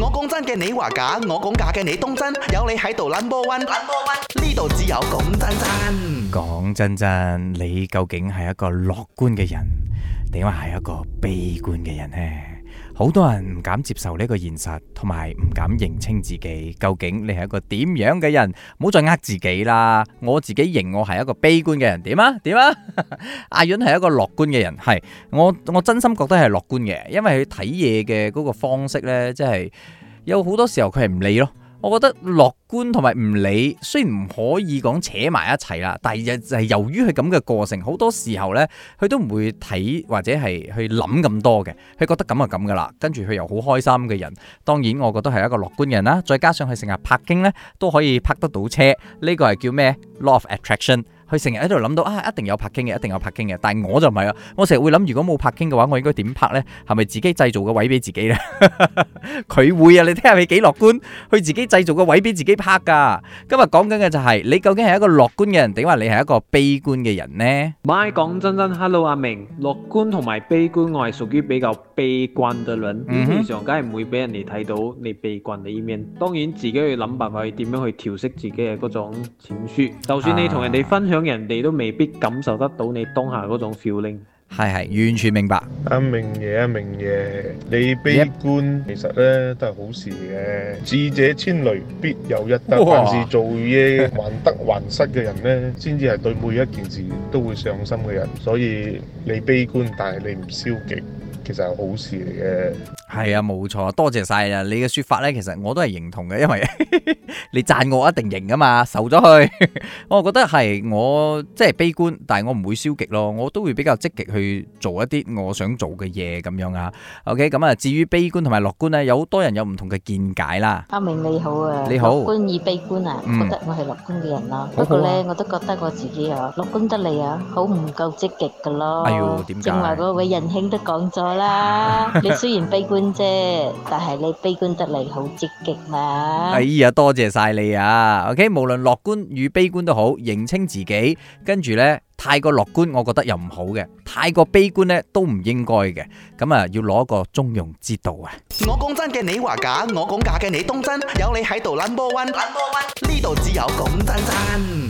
我講真嘅，你話假；我講假嘅，你當真，你真。有你喺度 number one，number one，呢度只有講真真。講真真，你究竟係一個樂觀嘅人，定話係一個悲觀嘅人呢？好多人唔敢接受呢個現實，同埋唔敢認清自己，究竟你係一個點樣嘅人，唔好再呃自己啦。我自己認我係一個悲觀嘅人，點啊點啊，啊 阿潤係一個樂觀嘅人，係我我真心覺得係樂觀嘅，因為佢睇嘢嘅嗰個方式呢，即係有好多時候佢係唔理咯。我覺得樂觀同埋唔理，雖然唔可以講扯埋一齊啦，但係就係由於佢咁嘅過程，好多時候呢，佢都唔會睇或者係去諗咁多嘅，佢覺得咁就咁噶啦，跟住佢又好開心嘅人，當然我覺得係一個樂觀人啦。再加上佢成日拍經呢，都可以拍得到車，呢、這個係叫咩？Law of Attraction。佢成日喺度諗到啊，一定有拍經嘅，一定有拍經嘅。但係我就唔係啊，我成日會諗，如果冇拍經嘅話，我應該點拍呢？係咪自己製造個位俾自己呢？佢會啊！你聽下你幾樂觀，佢自己製造個位俾自己拍㗎。今日講緊嘅就係你究竟係一個樂觀嘅人，定話你係一個悲觀嘅人呢？MY 講真真，Hello 阿明，樂觀同埋悲觀，我係屬於比較悲觀嘅類。表面上梗係唔會俾人哋睇到你悲觀的一面。當然自己去諗辦法去點樣去調適自己嘅嗰種情緒。就算你同人哋分享。人哋都未必感受得到你當下嗰種 feeling，係係完全明白。阿明爺，阿明爺，你悲觀其實咧都係好事嘅，智者千慮必有一得。凡事做嘢患得患失嘅人咧，先至係對每一件事都會上心嘅人。所以你悲觀，但係你唔消極。其實係好事嚟嘅，係啊，冇錯，多謝晒啊！你嘅說法咧，其實我都係認同嘅，因為 你讚我一定贏噶嘛，受咗佢， 我覺得係我即係悲觀，但係我唔會消極咯，我都會比較積極去做一啲我想做嘅嘢咁樣啊。OK，咁、嗯、啊，至於悲觀同埋樂觀咧，有好多人有唔同嘅見解啦。阿明你好啊，你好，樂觀而悲觀啊，嗯、覺得我係樂觀嘅人咯、啊。好好啊、不過咧，我都覺得我自己啊，樂觀得嚟啊，好唔夠積極噶咯。哎喲，點解？正話嗰位仁兄都講咗。啦，你雖然悲觀啫，但係你悲觀得嚟好積極嘛。哎呀，多謝晒你啊！OK，無論樂觀與悲觀都好，認清自己，跟住呢，太過樂觀我覺得又唔好嘅，太過悲觀呢都唔應該嘅。咁啊，要攞個中庸之道啊！我講真嘅，你話假；我講假嘅，你當真。有你喺度 number one，number one 呢度只有咁真真。